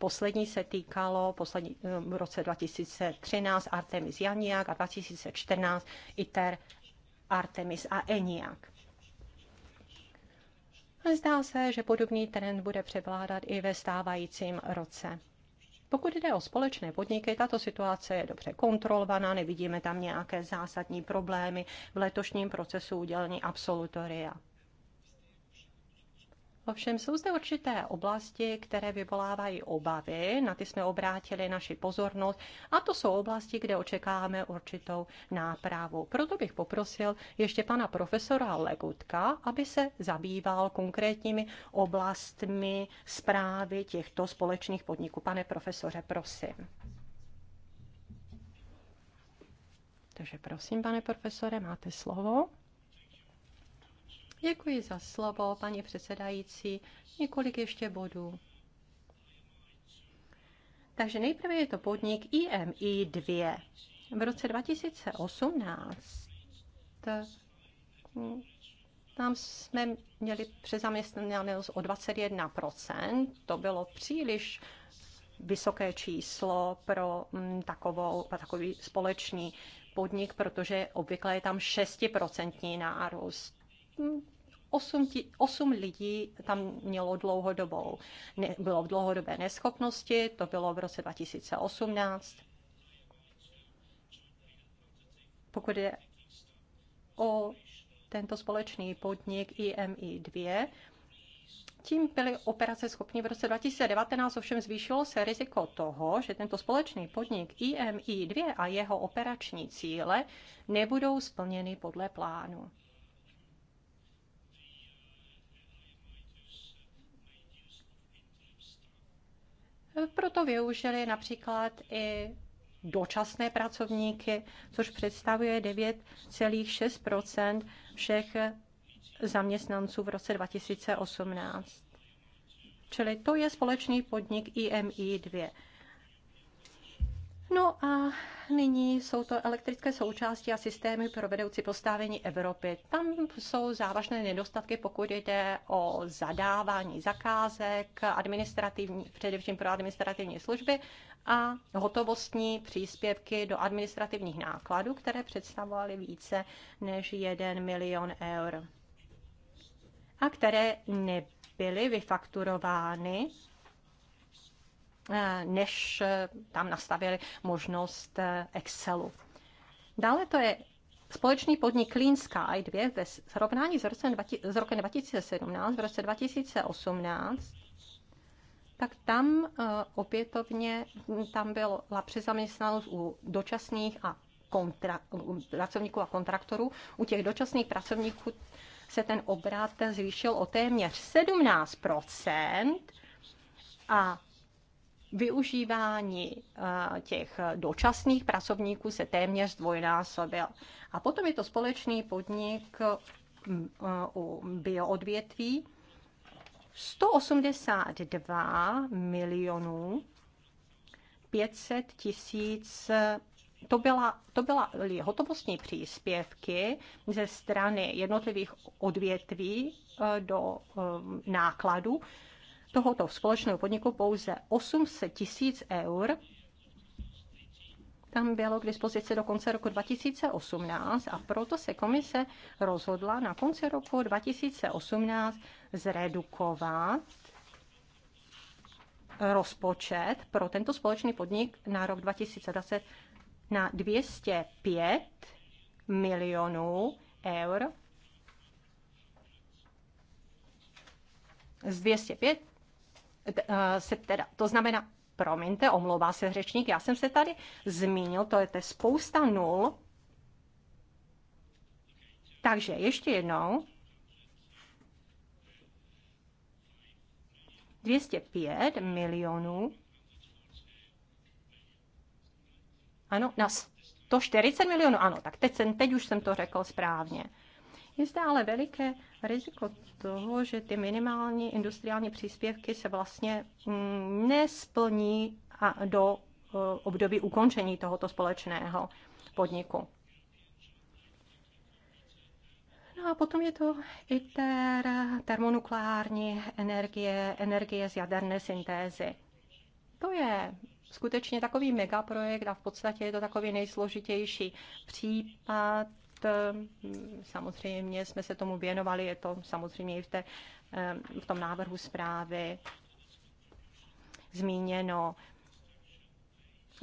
Poslední se týkalo poslední, eh, v roce 2013 Artemis Janiak a 2014 ITER Artemis a Eniak. Zdá se, že podobný trend bude převládat i ve stávajícím roce. Pokud jde o společné podniky, tato situace je dobře kontrolovaná, nevidíme tam nějaké zásadní problémy v letošním procesu udělení absolutoria. Ovšem jsou zde určité oblasti, které vyvolávají obavy, na ty jsme obrátili naši pozornost a to jsou oblasti, kde očekáváme určitou nápravu. Proto bych poprosil ještě pana profesora Legutka, aby se zabýval konkrétními oblastmi zprávy těchto společných podniků. Pane profesore, prosím. Takže prosím, pane profesore, máte slovo. Děkuji za slovo, paní předsedající. Několik ještě bodů. Takže nejprve je to podnik IMI 2. V roce 2018 tam jsme měli přezaměstnanost o 21%. To bylo příliš vysoké číslo pro mm, takovou, takový společný podnik, protože obvykle je tam 6% nárůst. Osm, tí, osm lidí tam mělo dlouhodobou, ne, bylo v dlouhodobé neschopnosti, to bylo v roce 2018. Pokud je o tento společný podnik IMI2, tím byly operace schopny v roce 2019, ovšem zvýšilo se riziko toho, že tento společný podnik IMI2 a jeho operační cíle nebudou splněny podle plánu. Proto využili například i dočasné pracovníky, což představuje 9,6 všech zaměstnanců v roce 2018. Čili to je společný podnik IMI 2. No a nyní jsou to elektrické součásti a systémy pro vedoucí postavení Evropy. Tam jsou závažné nedostatky, pokud jde o zadávání zakázek, administrativní, především pro administrativní služby a hotovostní příspěvky do administrativních nákladů, které představovaly více než 1 milion eur a které nebyly vyfakturovány Eh, než eh, tam nastavili možnost eh, Excelu. Dále to je Společný podnik Clean Sky 2 ve srovnání s rokem, 2017, v roce 2018, tak tam opětovně hm, tam byla přezaměstnanost u dočasných a kontra, u pracovníků a kontraktorů. U těch dočasných pracovníků se ten obrat zvýšil o téměř 17 a využívání eh, těch dočasných pracovníků se téměř dvojnásobil. A potom je to společný podnik mm, eh, u bioodvětví 182 milionů 500 tisíc to, byla, to byla hotovostní příspěvky ze strany jednotlivých odvětví eh, do nákladů tohoto společného podniku pouze 800 tisíc eur. Tam bylo k dispozici do konce roku 2018 a proto se komise rozhodla na konci roku 2018 zredukovat rozpočet pro tento společný podnik na rok 2020 na 205 milionů eur z 205 Eh, se teda, to znamená, promiňte, omlouvá se řečník, já jsem se tady zmínil, to je to spousta nul. Takže ještě jednou. 205 milionů. Ano, na 140 milionů, ano, tak teď, jsem, teď už jsem to řekl správně. Je zde ale veliké riziko toho, že ty minimální industriální příspěvky se vlastně mm, nesplní a do e, období ukončení tohoto společného podniku. No a potom je to ter, termonukleární energie, energie z jaderné syntézy. To je skutečně takový megaprojekt a v podstatě je to takový nejsložitější případ Eh, samozřejmě jsme se tomu věnovali, je to samozřejmě i v, té, eh, v tom návrhu zprávy zmíněno.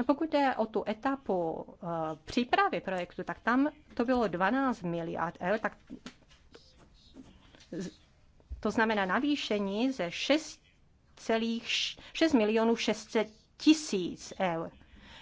Pokud jde o tu etapu eh, přípravy projektu, tak tam to bylo 12 miliard eur, tak to znamená navýšení ze 6 6 milionů 600 tisíc eur.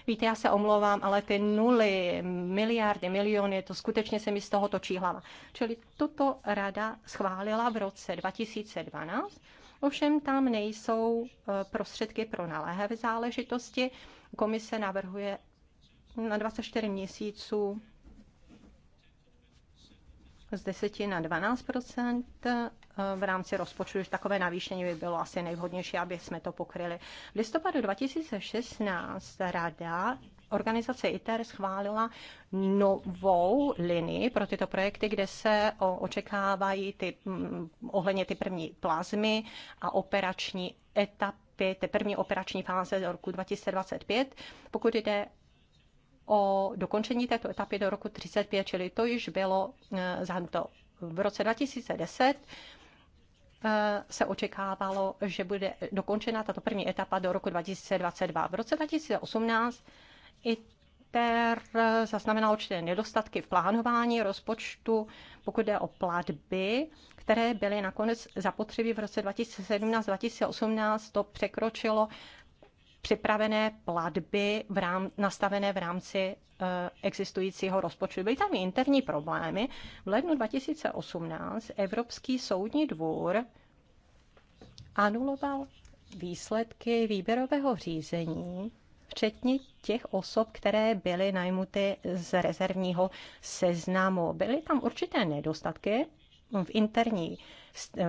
Víte, já se omlouvám, ale ty nuly, miliardy, miliony, to skutečně se mi z toho točí hlava. Čili tuto rada schválila v roce 2012, ovšem tam nejsou eh, prostředky pro naléhavé záležitosti. Komise navrhuje na 24 měsíců z 10 na 12 eh, v rámci rozpočtu, že takové navýšení by bylo asi nejvhodnější, aby jsme to pokryli. V listopadu 2016 rada organizace ITER schválila novou linii pro tyto projekty, kde se očekávají ty, mm, ohledně ty první plazmy a operační etapy, ty první operační fáze do roku 2025. Pokud jde o dokončení této etapy do roku 35, čili to již bylo eh, zahrnuto. V roce 2010 eh, se očekávalo, že bude dokončena tato první etapa do roku 2022. V roce 2018 ITER zaznamenal určité nedostatky v plánování rozpočtu, pokud jde o platby, které byly nakonec zapotřebí v roce 2017-2018, to překročilo připravené platby v rám, nastavené v rámci eh, existujícího rozpočtu. Byly tam interní problémy. V lednu 2018 Evropský soudní dvůr anuloval výsledky výběrového řízení, včetně těch osob, které byly najmuty z rezervního seznamu. Byly tam určité nedostatky, v interní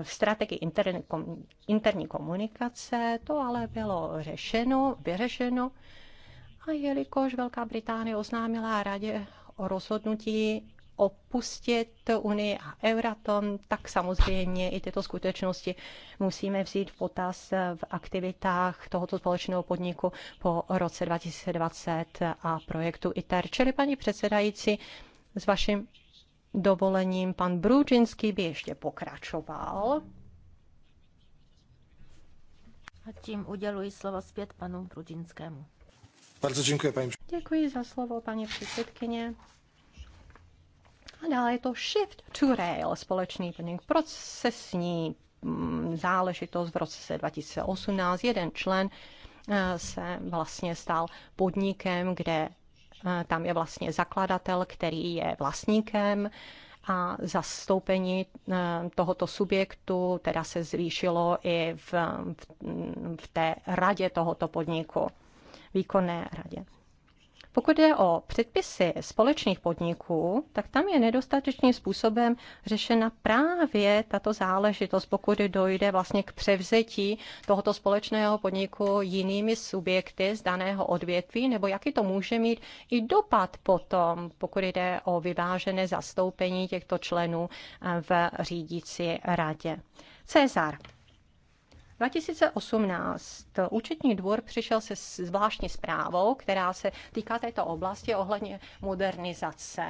v strategii interní, interní komunikace, to ale bylo řešeno, vyřešeno. A jelikož Velká Británie oznámila radě o rozhodnutí opustit Unii a Euratom, tak samozřejmě i tyto skutečnosti musíme vzít v potaz v aktivitách tohoto společného podniku po roce 2020 a projektu ITER. Čili paní předsedající, s vaším dovolením pan Brůčinský by ještě pokračoval. A tím uděluji slovo zpět panu Brudinskému. Bardzo děkuji, paní Děkuji za slovo, paní předsedkyně. A dále je to Shift to Rail, společný podnik, procesní mm, záležitost v roce 2018. Jeden člen eh, se vlastně stal podnikem, kde tam je vlastně zakladatel, který je vlastníkem a zastoupení e, tohoto subjektu teda se zvýšilo i v, v, v té radě tohoto podniku, výkonné radě. Pokud jde o předpisy společných podniků, tak tam je nedostatečným způsobem řešena právě tato záležitost, pokud dojde vlastně k převzetí tohoto společného podniku jinými subjekty z daného odvětví, nebo jaký to může mít i dopad potom, pokud jde o vyvážené zastoupení těchto členů eh, v řídící radě. Cezar. 2018 účetní dvor přišel se zvláštní zprávou, která se týká této oblasti ohledně modernizace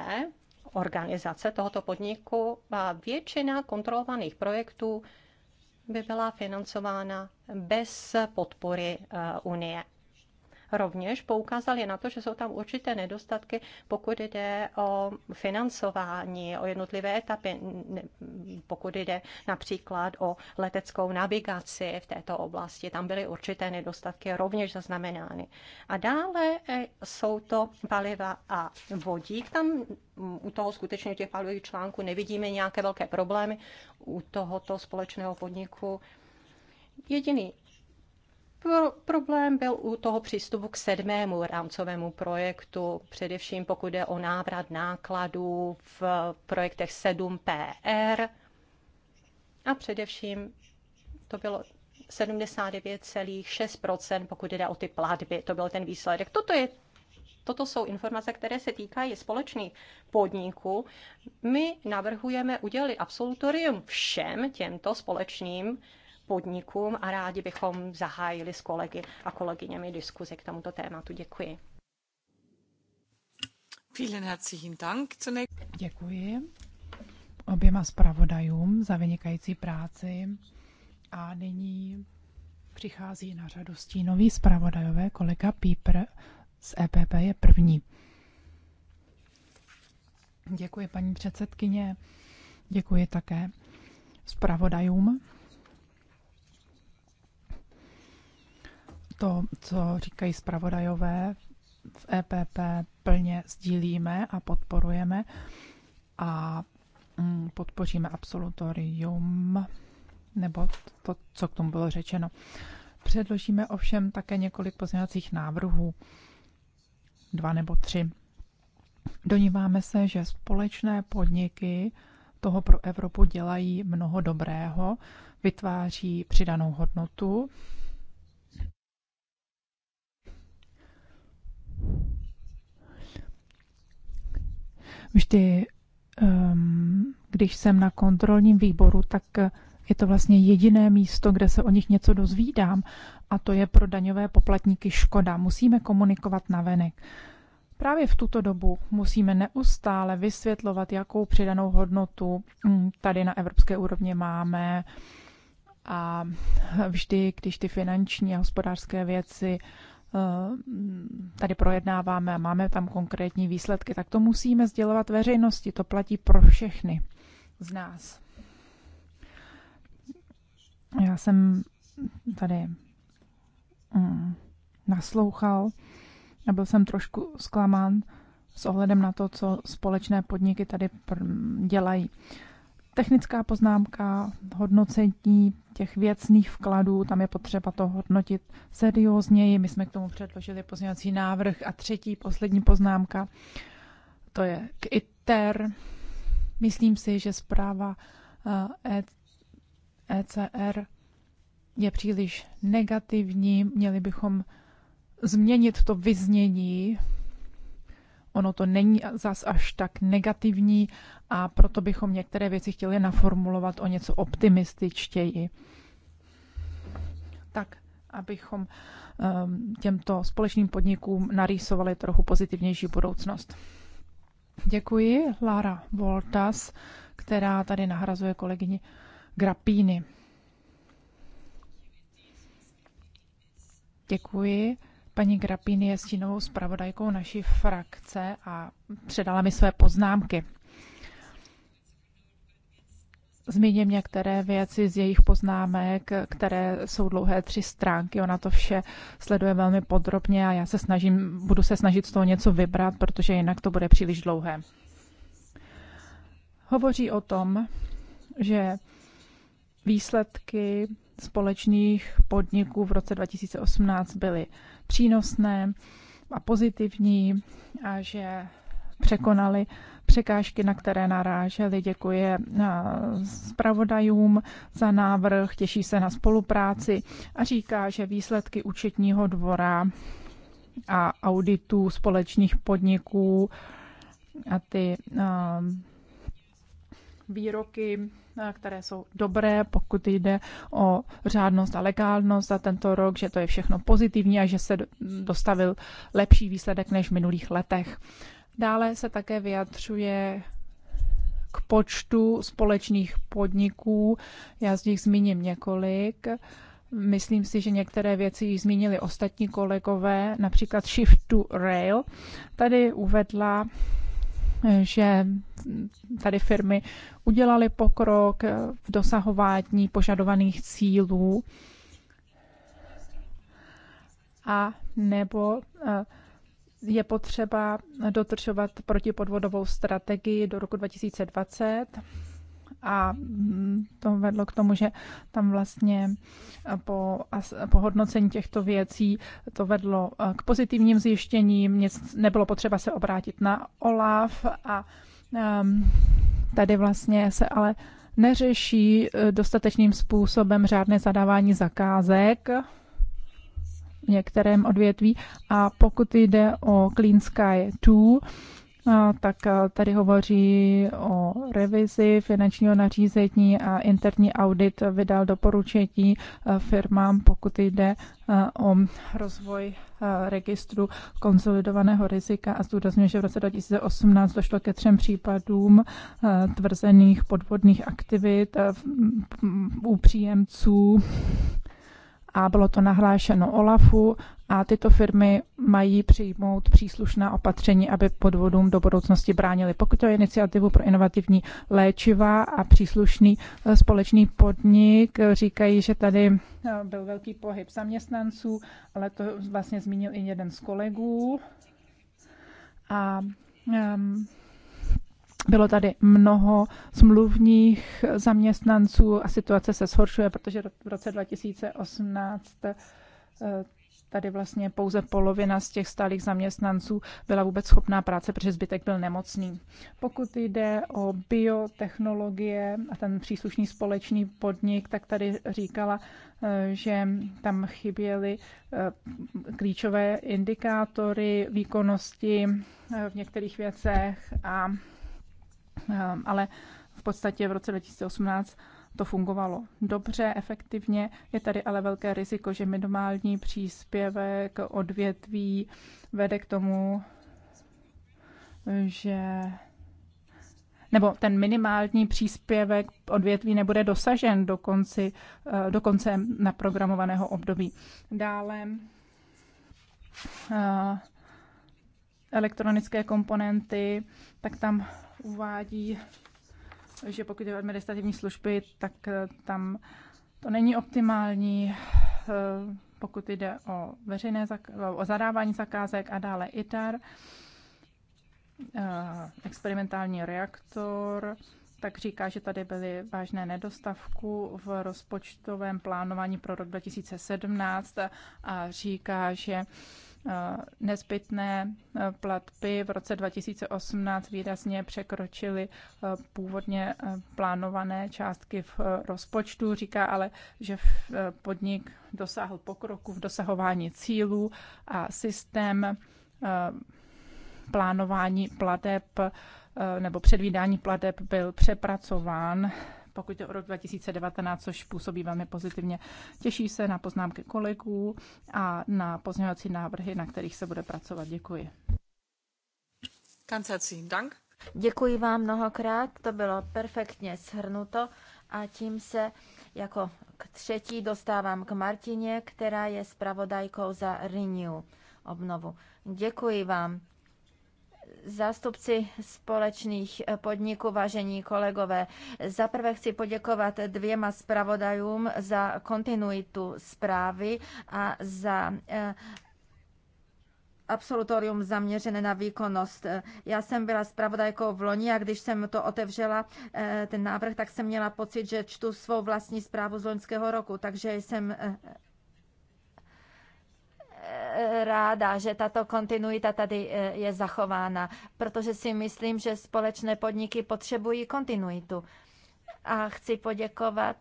organizace tohoto podniku a většina kontrolovaných projektů by byla financována bez podpory eh, Unie rovněž poukázali na to, že jsou tam určité nedostatky, pokud jde o financování, o jednotlivé etapy, pokud jde například o leteckou navigaci v této oblasti. Tam byly určité nedostatky rovněž zaznamenány. A dále e, jsou to paliva a vodík. Tam u toho skutečně těch palivových článků nevidíme nějaké velké problémy. U tohoto společného podniku Jediný problém byl u toho přístupu k sedmému rámcovému projektu, především pokud je o návrat nákladů v projektech 7PR a především to bylo 79,6%, pokud jde o ty platby. To byl ten výsledek. Toto, je, toto jsou informace, které se týkají společných podniků. My navrhujeme udělit absolutorium všem těmto společným podnikům a rádi bychom zahájili s kolegy a kolegyněmi diskuzi k tomuto tématu. Děkuji. Vielen herzlichen Dank. Děkuji oběma zpravodajům za vynikající práci a nyní přichází na řadu stínový zpravodajové kolega Píper z EPP je první. Děkuji paní předsedkyně, děkuji také zpravodajům to, co říkají zpravodajové v EPP, plně sdílíme a podporujeme a mm, podpoříme absolutorium nebo to, co k tomu bylo řečeno. Předložíme ovšem také několik pozměňovacích návrhů, dva nebo tři. Doníváme se, že společné podniky toho pro Evropu dělají mnoho dobrého, vytváří přidanou hodnotu vždy, ehm, když jsem na kontrolním výboru, tak je to vlastně jediné místo, kde se o nich něco dozvídám a to je pro daňové poplatníky škoda. Musíme komunikovat navenek. Právě v tuto dobu musíme neustále vysvětlovat, jakou přidanou hodnotu hm, tady na evropské úrovni máme a vždy, když ty finanční a hospodářské věci Eh, tady projednáváme a máme tam konkrétní výsledky, tak to musíme sdělovat veřejnosti. To platí pro všechny z nás. Já jsem tady mm, naslouchal a byl jsem trošku zklamán s ohledem na to, co společné podniky tady dělají. Technická poznámka, hodnocení těch věcných vkladů, tam je potřeba to hodnotit seriózněji. My jsme k tomu předložili pozměňovací návrh. A třetí, poslední poznámka, to je k ITER. Myslím si, že zpráva ECR eh, e- e je příliš negativní. Měli bychom změnit to vyznění ono to není zas až tak negativní a proto bychom některé věci chtěli naformulovat o něco optimističtěji. Tak, abychom ehm, těmto společným podnikům narýsovali trochu pozitivnější budoucnost. Děkuji Lara Voltas, která tady nahrazuje kolegyni Grapíny. Děkuji. Paní Grapín je stínovou zpravodajkou naší frakce a předala mi své poznámky. Zmíním některé věci z jejich poznámek, které jsou dlouhé tři stránky. Ona to vše sleduje velmi podrobně a já se snažím, budu se snažit z toho něco vybrat, protože jinak to bude příliš dlouhé. Hovoří o tom, že výsledky společných podniků v roce 2018 byly přínosné a pozitivní a že překonali překážky, na které naráželi. Děkuji eh, zpravodajům za návrh, těší se na spolupráci a říká, že výsledky účetního dvora a auditů společných podniků a ty eh, výroky, eh, které jsou dobré, pokud jde o řádnost a legálnost za tento rok, že to je všechno pozitivní a že se dostavil lepší výsledek než v minulých letech. Dále se také vyjadřuje k počtu společných podniků. Já z nich zmíním několik. Myslím si, že některé věci již zmínili ostatní kolegové, například Shift to Rail. Tady uvedla že tady firmy udělaly pokrok v dosahování požadovaných cílů a nebo eh, je potřeba dotržovat protipodvodovou strategii do roku 2020 a mm, to vedlo k tomu, že tam vlastně eh, po, po hodnocení těchto věcí to vedlo eh, k pozitivním zjištěním, nic, nebylo potřeba se obrátit na OLAF a um, tady vlastně se ale neřeší eh, dostatečným způsobem řádné zadávání zakázek v některém odvětví a pokud jde o Clean Sky 2, tak eh, tady hovoří o revizi finančního nařízení a interní audit vydal doporučení eh, firmám, pokud jde eh, o rozvoj registru konsolidovaného rizika a zdůrazňuje, že v roce 2018 došlo ke třem případům tvrzených podvodných aktivit u příjemců a bylo to nahlášeno OLAFu a tyto firmy mají přijmout příslušná opatření, aby podvodům do budoucnosti bránili. Pokud je iniciativu pro inovativní léčiva a příslušný eh, společný podnik eh, říkají, že tady eh, byl velký pohyb zaměstnanců, ale to vlastně zmínil i jeden z kolegů. A um, bylo tady mnoho smluvních zaměstnanců a situace se zhoršuje, protože v roce 2018 tady vlastně pouze polovina z těch stálých zaměstnanců byla vůbec schopná práce, protože zbytek byl nemocný. Pokud jde o biotechnologie a ten příslušný společný podnik, tak tady říkala, eh, že tam chyběly eh, klíčové indikátory výkonnosti eh, v některých věcech, a, ale v podstatě v roce 2018 to fungovalo dobře, efektivně. Je tady ale velké riziko, že minimální příspěvek odvětví vede k tomu, že nebo ten minimální příspěvek odvětví nebude dosažen do, konci, eh, do konce naprogramovaného období. Dále eh, elektronické komponenty, tak tam uvádí že pokud je o administrativní služby, tak eh, tam to není optimální, eh, pokud jde o veřejné o zadávání zakázek a dále ITER, eh, experimentální reaktor, tak říká, že tady byly vážné nedostavku v rozpočtovém plánování pro rok 2017 a říká, že Eh, nezbytné eh, platby v roce 2018 výrazně překročily eh, původně plánované částky v rozpočtu. Říká ale, že podnik dosáhl pokroku v dosahování cílů a systém plánování plateb nebo předvídání plateb byl přepracován pokud je o rok 2019, což působí velmi pozitivně. Těší se na poznámky kolegů a na pozměňovací návrhy, na kterých se bude pracovat. Děkuji. Dank. Děkuji vám mnohokrát, to bylo perfektně shrnuto a tím se jako k třetí dostávám k Martině, která je spravodajkou za Renew obnovu. Děkuji vám zástupci společných eh, podniků, vážení kolegové. Zaprvé chci poděkovat dvěma zpravodajům za kontinuitu zprávy a za eh, absolutorium zaměřené na výkonnost. Já jsem byla zpravodajkou v loni a když jsem to otevřela, eh, ten návrh, tak jsem měla pocit, že čtu svou vlastní zprávu z loňského roku, takže jsem ráda, že tato kontinuita tady eh, je zachována, protože si myslím, že společné podniky potřebují kontinuitu. A chci poděkovat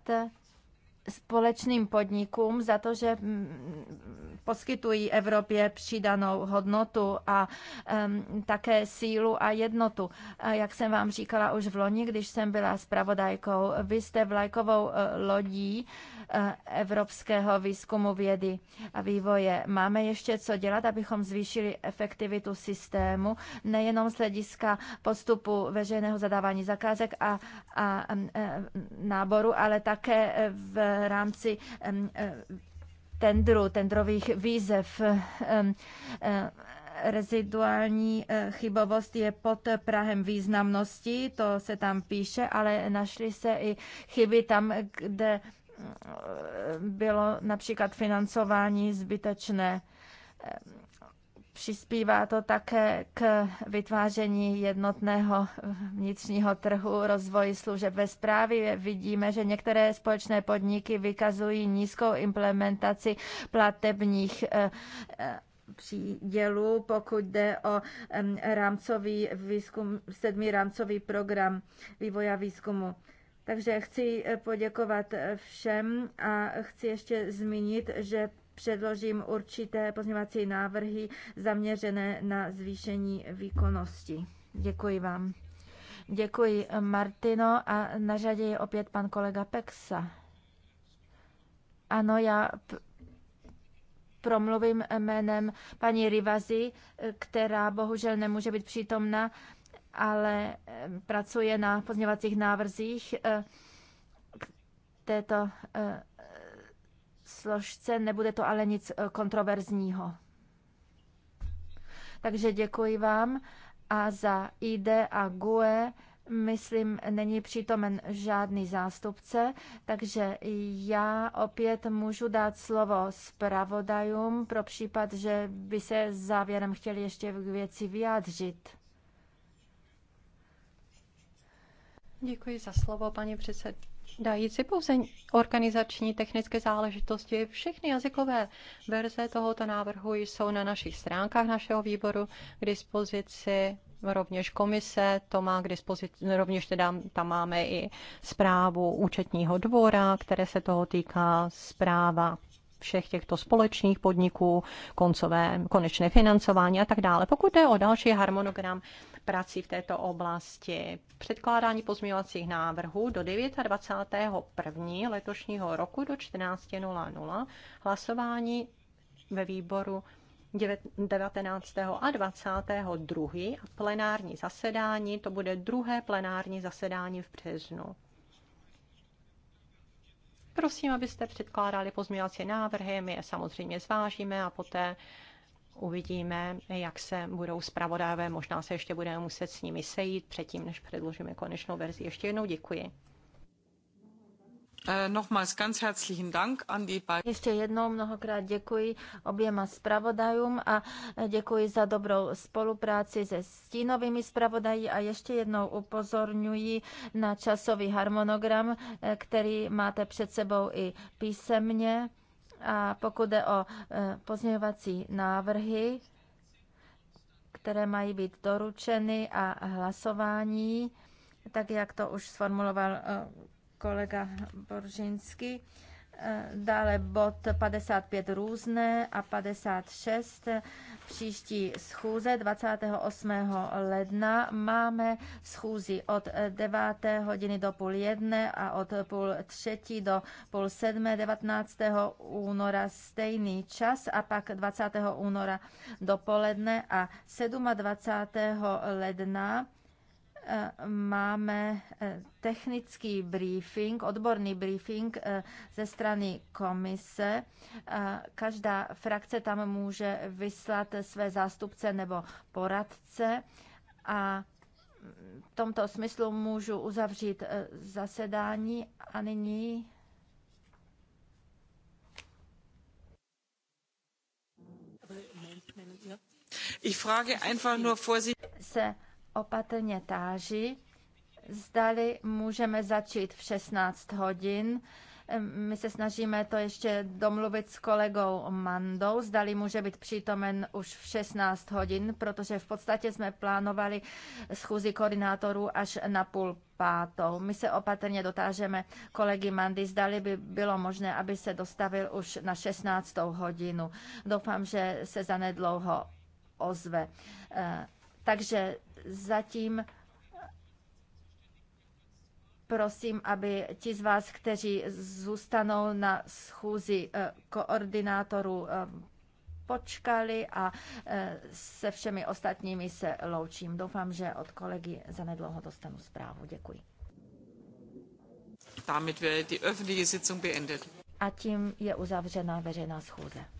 společným podnikům za to, že mm, poskytují Evropě přidanou hodnotu a um, také sílu a jednotu. Jak jsem vám říkala už v loni, když jsem byla zpravodajkou, vy jste vlajkovou e, lodí e, evropského výzkumu vědy a vývoje. Máme ještě co dělat, abychom zvýšili efektivitu systému, nejenom z hlediska postupu veřejného zadávání zakázek a, a, a e, náboru, ale také v rámci e, tendru, tendrových výzev e, reziduální e, chybovost je pod Prahem významnosti, to se tam píše, ale našly se i chyby tam, kde bylo například financování zbytečné Přispívá to také k vytváření jednotného vnitřního trhu, rozvoji služeb ve zprávě Vidíme, že některé společné podniky vykazují nízkou implementaci platebních eh, eh, přídělu, pokud jde o rámcový výzkum, sedmý rámcový program vývoja výzkumu. Takže chci eh, poděkovat všem a chci ještě zmínit, že předložím určité pozměňovací návrhy zaměřené na zvýšení výkonnosti. Děkuji vám. Děkuji Martino a na řadě je opět pan kolega Pexa. Ano, já promluvím jménem paní Rivazy, která bohužel nemůže být přítomna, ale eh, pracuje na pozměvacích návrzích eh, této eh, složce, nebude to ale nic eh, kontroverzního. Takže děkuji vám a za ID a GUE myslím, není přítomen žádný zástupce, takže já opět můžu dát slovo zpravodajům pro případ, že by se závěrem chtěli ještě k věci vyjádřit. Děkuji za slovo, paní předsedkyně dají si pouze organizační technické záležitosti. Všechny jazykové verze tohoto návrhu jsou na našich stránkách našeho výboru k dispozici. Rovněž komise to má k dispozici, rovněž teda tam máme i zprávu účetního dvora, které se toho týká zpráva všech těchto společných podniků, koncové, konečné financování a tak dále. Pokud jde o další harmonogram prací v této oblasti. Předkládání pozměňovacích návrhů do 29.1. letošního roku do 14.00. Hlasování ve výboru 19. a 22. a plenární zasedání, to bude druhé plenární zasedání v březnu. Prosím, abyste předkládali pozměňovací návrhy, my je samozřejmě zvážíme a poté uvidíme, jak se budou zpravodajové. Možná se ještě budeme muset s nimi sejít předtím, než předložíme konečnou verzi. Ještě jednou děkuji. Äh, nochmals ganz herzlichen Dank an die Ještě jednou mnohokrát děkuji oběma zpravodajům a děkuji za dobrou spolupráci se stínovými zpravodají a ještě jednou upozorňuji na časový harmonogram, eh, který máte před sebou i písemně. A pokud jde o e, pozměňovací návrhy, které mají být doručeny a hlasování, tak jak to už sformuloval e, kolega Boržinský, Dále bod 55 různé a 56 příští schůze 28. ledna. Máme schůzi od 9. hodiny do půl jedné a od půl třetí do půl sedmé 19. února stejný čas a pak 20. února dopoledne a 27. ledna máme eh, technický briefing, odborný briefing eh, ze strany komise. Eh, každá frakce tam může vyslat své zástupce nebo poradce a v tomto smyslu můžu uzavřít zasedání a nyní Ich frage einfach nur vor Sie se opatrně táží, zdali můžeme začít v 16 hodin. My se snažíme to ještě domluvit s kolegou Mandou, zdali může být přítomen už v 16 hodin, protože v podstatě jsme plánovali schůzi koordinátorů až na půl pátou. My se opatrně dotážeme kolegy Mandy, zdali by bylo možné, aby se dostavil už na 16. hodinu. Doufám, že se zanedlouho ozve. Eh, takže zatím prosím, aby ti z vás, kteří zůstanou na schůzi eh, koordinátorů, eh, počkali a eh, se všemi ostatními se loučím. Doufám, že od kolegy zanedlouho dostanu zprávu. Děkuji. Damit die öffentliche Sitzung beendet. A tím je uzavřena veřejná schůze.